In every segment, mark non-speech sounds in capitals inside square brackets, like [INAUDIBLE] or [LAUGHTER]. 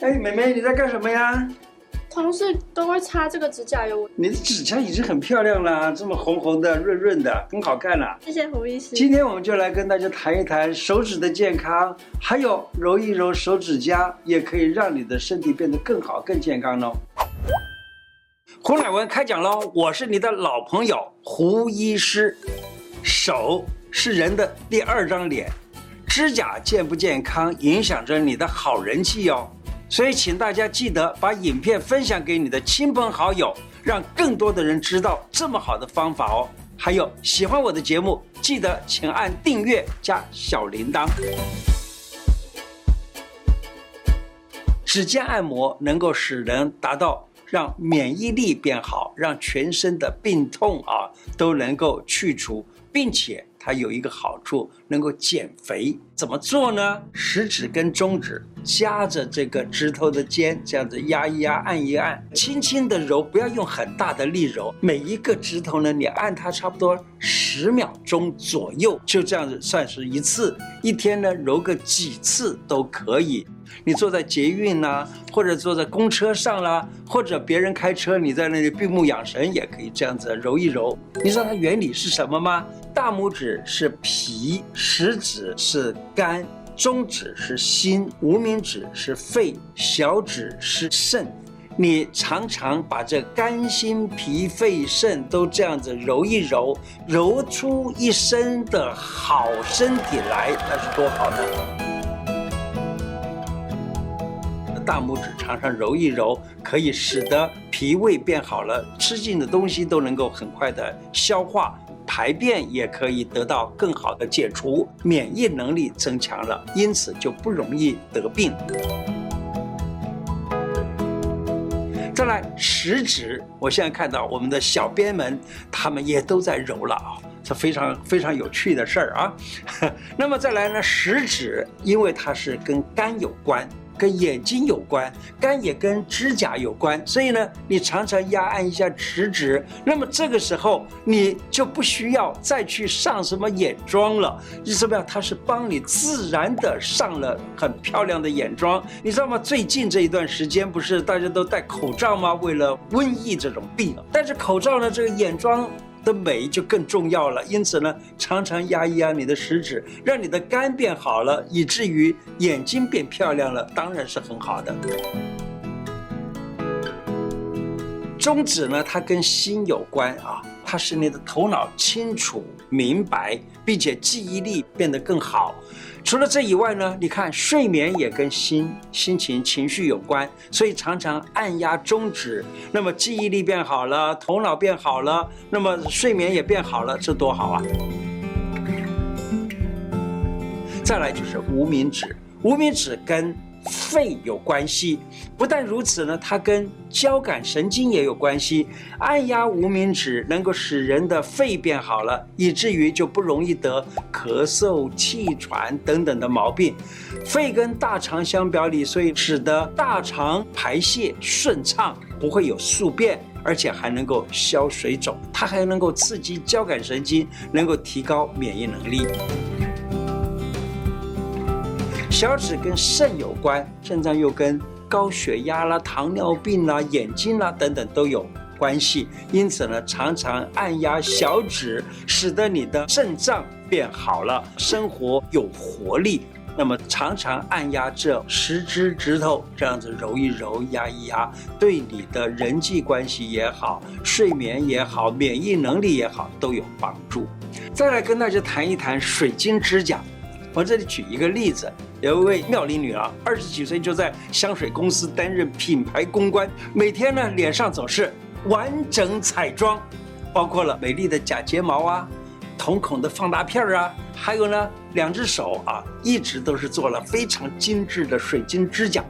哎，妹妹，你在幹什麼呀？同事都會擦這個指甲油。你的指甲已經很漂亮了，這麼紅紅的、潤潤的，很好看了啊。謝謝胡醫師。今天我們就來跟大家談一談手指的健康，還有揉一揉手指甲，也可以讓你的身體變得更好、更健康哦。胡乃文開講嘍！我是你的老朋友胡醫師。手是人的第二張臉，指甲健不健康，影響着你的好人氣哦。所以，請大家記得把影片分享給你的親朋好友，讓更多的人知道這麼好的方法哦。還有，喜歡我的節目，記得請按訂閱加小鈴鐺。指尖按摩能夠使人達到讓免疫力變好，讓全身的病痛啊都能夠去除，並且。它有一個好處，能夠減肥。怎麼做呢？食指跟中指夾着這個指頭的尖，這樣子壓一壓、按一按，輕輕的揉，不要用很大的力揉。每一個指頭呢，你按它差不多十秒鐘左右，就這樣子算是一次。一天呢，揉個幾次都可以。你坐在捷運吶、啊，或者坐在公車上啦、啊，或者別人開車，你在那裡閉目養神，也可以這樣子揉一揉。你知道它原理是什麼嗎？大拇指是脾，食指是肝，中指是心，無名指是肺，小指是腎。你常常把這肝、心、脾、肺、腎都這樣子揉一揉，揉出一身的好身體來，那是多好呢！大拇指常常揉一揉，可以使得脾胃變好了，吃進的東西都能夠很快的消化，排便也可以得到更好的解除，免疫能力增強了，因此就不容易得病。再來食指，我現在看到我們的小編們，他們也都在揉了啊，是非常非常有趣的事兒啊。 [LAUGHS] 那麼再來呢，食指，因為它是跟肝有關。跟眼睛有關，肝也跟指甲有關，所以呢，你常常壓按一下食指，那麼這個時候你就不需要再去上什麼眼妝了，意思不要，它是幫你自然的上了很漂亮的眼妝，你知道嗎？最近這一段時間不是大家都戴口罩嗎？為了瘟疫這種病，但是口罩呢，這個眼妝。的美就更重要了，因此呢，常常壓一壓你的食指，讓你的肝變好了，以至於眼睛變漂亮了，當然是很好的。中指呢，它跟心有關啊，它使你的頭腦清楚明白。並且記憶力變得更好。除了這以外呢，你看睡眠也跟心、心情、情緒有關，所以常常按壓中指，那麼記憶力變好了，頭腦變好了，那麼睡眠也變好了，這多好啊！再來就是無名指，無名指跟肺有關係，不但如此呢，它跟交感神經也有關係。按壓無名指能夠使人的肺變好了，以至於就不容易得咳嗽、氣喘等等的毛病。肺跟大腸相表裡，所以使得大腸排泄順暢，不會有宿便，而且還能夠消水腫。它還能夠刺激交感神經，能夠提高免疫能力。小指跟腎有關，腎臟又跟高血壓啦、糖尿病啦、眼睛啦等等都有關係。因此呢，常常按壓小指，使得你的腎臟變好了，生活有活力。那麼常常按壓這十隻指頭，這樣子揉一揉、壓一壓，對你的人際關係也好、睡眠也好、免疫能力也好都有幫助。再來跟大家談一談水晶指甲。我這裡舉一個例子，有一位妙齡女郎，二十幾歲就在香水公司擔任品牌公關，每天呢臉上總是完整彩妝，包括了美麗的假睫毛啊，瞳孔的放大片兒啊，還有呢兩隻手啊，一直都是做了非常精緻的水晶指甲，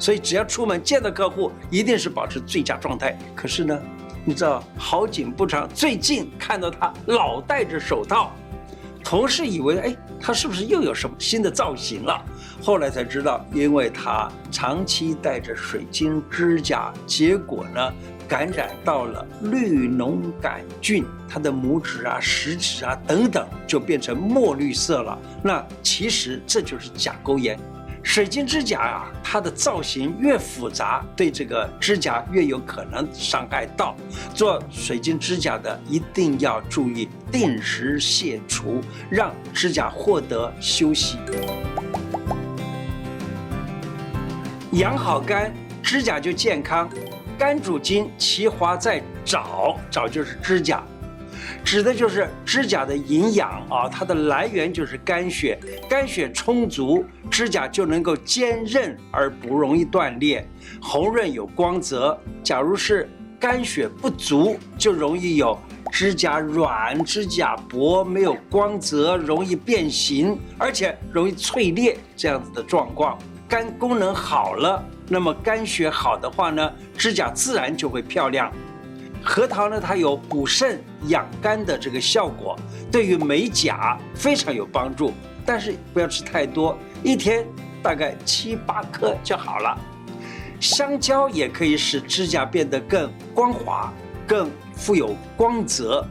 所以只要出門見到客戶，一定是保持最佳狀態。可是呢，你知道好景不長，最近看到她老戴着手套，同事以為哎。他是不是又有什麼新的造型了？後來才知道，因為他長期戴着水晶指甲，結果呢，感染到了綠膿桿菌，他的拇指啊、食指啊等等，就變成墨綠色了。那其實這就是甲溝炎。水晶指甲啊，它的造型越複雜，對這個指甲越有可能傷害到。做水晶指甲的一定要注意定時卸除，讓指甲獲得休息。養好肝，指甲就健康。肝主筋，其華在爪，爪就是指甲。指的就是指甲的營養啊，它的來源就是肝血，肝血充足，指甲就能夠堅韌而不容易斷裂，紅潤有光澤。假如是肝血不足，就容易有指甲軟、指甲薄、沒有光澤、容易變形，而且容易脆裂這樣子的狀況。肝功能好了，那麼肝血好的話呢，指甲自然就會漂亮。核桃呢，它有補腎養肝的這個效果，對於美甲非常有幫助，但是不要吃太多，一天大概七八顆就好了。香蕉也可以使指甲變得更光滑、更富有光澤。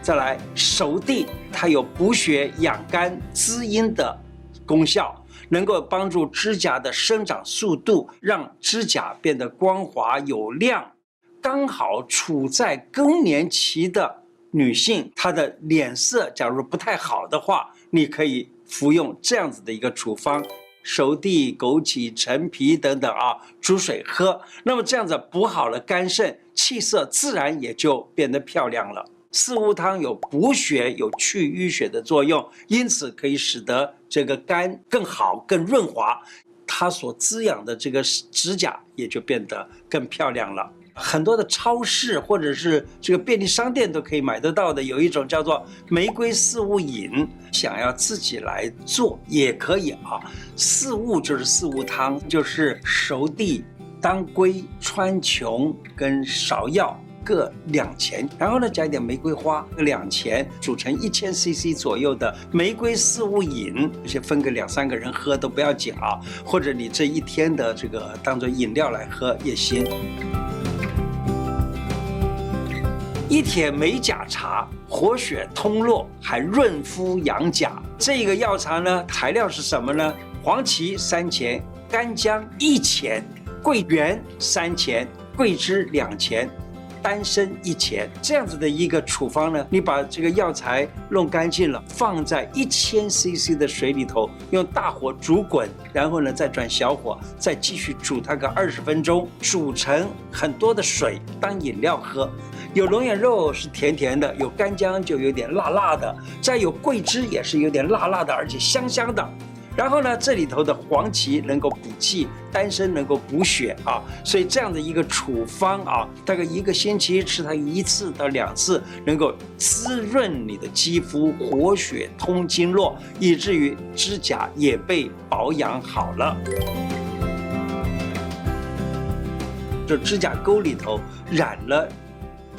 再來，熟地它有補血、養肝、滋陰的功效，能夠幫助指甲的生長速度，讓指甲變得光滑有亮。剛好處在更年期的女性，她的臉色假如不太好的話，你可以服用這樣子的一個處方：熟地、枸杞、陳皮等等啊，煮水喝。那麼這樣子補好了肝腎，氣色自然也就變得漂亮了。四物湯有補血、有去淤血的作用，因此可以使得這個肝更好、更潤滑，它所滋養的這個指甲也就變得更漂亮了。很多的超市或者是這個便利商店都可以買得到的，有一種叫做玫瑰四物飲，想要自己來做也可以啊。四物就是四物湯，就是熟地、當歸、川芎跟芍藥各兩錢，然後呢，加一點玫瑰花兩錢，煮成一千 CC 左右的玫瑰四物飲，而且分給兩三個人喝都不要緊啊，或者你這一天的這個當做飲料來喝也行。一帖美甲茶，活血通絡，還潤膚養甲。這個藥茶呢，材料是什麼呢？黃芪三錢，乾薑一錢，桂圓三錢，桂枝兩錢，丹參一錢。這樣子的一個處方呢，你把這個藥材弄乾淨了，放在一千 CC 的水裡頭，用大火煮滾，然後呢再轉小火，再繼續煮它個二十分鐘，煮成很多的水當飲料喝。有龍眼肉是甜甜的，有乾薑就有點辣辣的，再有桂枝也是有點辣辣的，而且香香的。然後呢，這裡頭的黃芪能夠補氣，丹參能夠補血啊，所以這樣的一個處方啊，大概一個星期吃它一次到兩次，能夠滋潤你的肌膚，活血通經絡，以至於指甲也被保養好了。這指甲溝裡頭染了。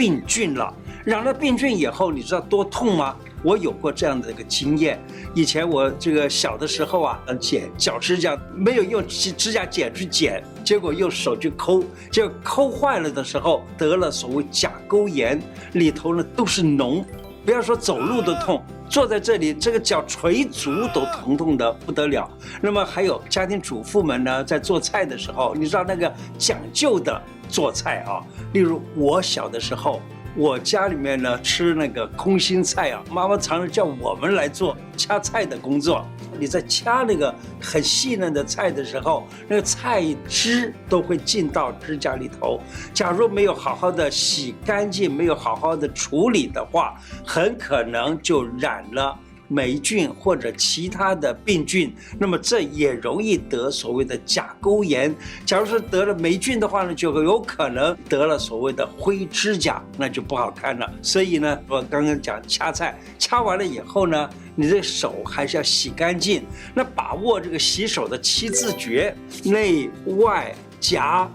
病菌了，染了病菌以後，你知道多痛嗎？我有過這樣的一個經驗。以前我這個小的時候啊，剪腳趾甲沒有用指甲剪去剪，結果用手去摳，結果摳壞了的時候，得了所謂甲溝炎，裡頭呢都是膿。不要說走路的痛，坐在這裡這個腳垂足都疼痛的不得了。那麼還有家庭主婦們呢，在做菜的時候，你知道那個講究的。做菜啊，例如我小的時候，我家裡面呢吃那個空心菜啊，媽媽常常叫我們來做掐菜的工作。你在掐那個很細嫩的菜的時候，那個菜汁都會進到指甲裡頭。假如沒有好好的洗乾淨，沒有好好的處理的話，很可能就染了。黴菌或者其他的病菌，那麼這也容易得所謂的甲溝炎。假如說得了黴菌的話呢，就很有可能得了所謂的灰指甲，那就不好看了。所以呢，我剛剛講掐菜，掐完了以後呢，你的手還是要洗乾淨。那把握這個洗手的七字訣：內外夾，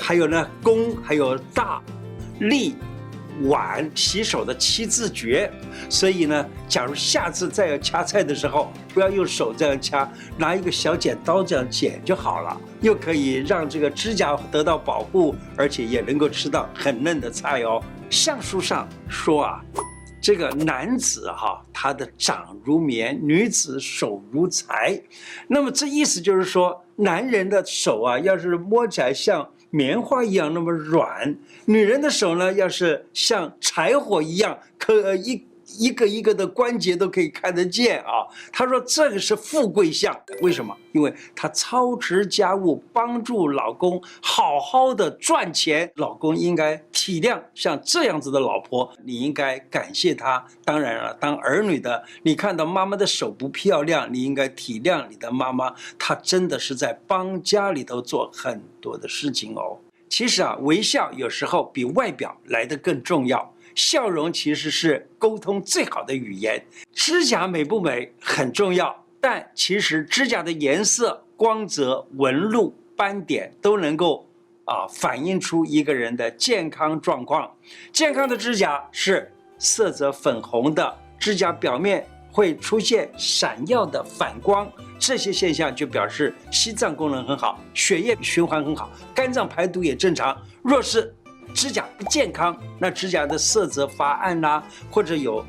還有呢，弓還有大，立。碗，洗手的七字訣，所以呢，假如下次再要掐菜的時候，不要用手這樣掐，拿一個小剪刀這樣剪就好了，又可以讓這個指甲得到保護，而且也能夠吃到很嫩的菜哦。相書上說啊，這個男子哈、啊，他的掌如棉，女子手如柴，那麼這意思就是說，男人的手啊，要是摸起來像。棉花一樣那麼軟，女人的手呢，要是像柴火一樣，可一。一個一個的關節都可以看得見啊！他說這個是富貴相，為什麼？因為他操持家務，幫助老公好好的賺錢，老公應該體諒像這樣子的老婆，你應該感謝她。當然了，當兒女的，你看到媽媽的手不漂亮，你應該體諒你的媽媽，她真的是在幫家裡頭做很多的事情哦。其實啊，微笑有時候比外表來得更重要。笑容其實是溝通最好的語言。指甲美不美很重要，但其實指甲的顏色、光澤、紋路、斑點都能夠啊、呃、反映出一個人的健康狀況。健康的指甲是色澤粉紅的，指甲表面會出現閃耀的反光，這些現象就表示心臟功能很好，血液循環很好，肝臟排毒也正常。若是指甲不健康，那指甲的色澤發暗吶，或者有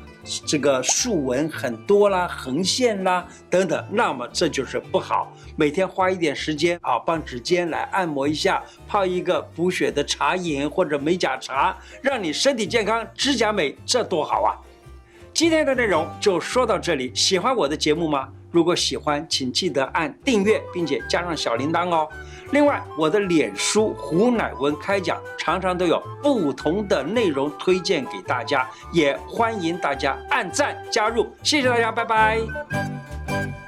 這個豎紋很多啦、啊、橫線啦、啊、等等，那麼這就是不好。每天花一點時間啊，幫指尖來按摩一下，泡一個補血的茶飲或者美甲茶，讓你身體健康，指甲美，這多好啊！今天的內容就說到這裡，喜歡我的節目嗎？如果喜歡，請記得按訂閱，並且加上小鈴鐺哦。另外，我的臉書胡乃文開講常常都有不同的內容推薦給大家，也歡迎大家按讚加入。謝謝大家，拜拜。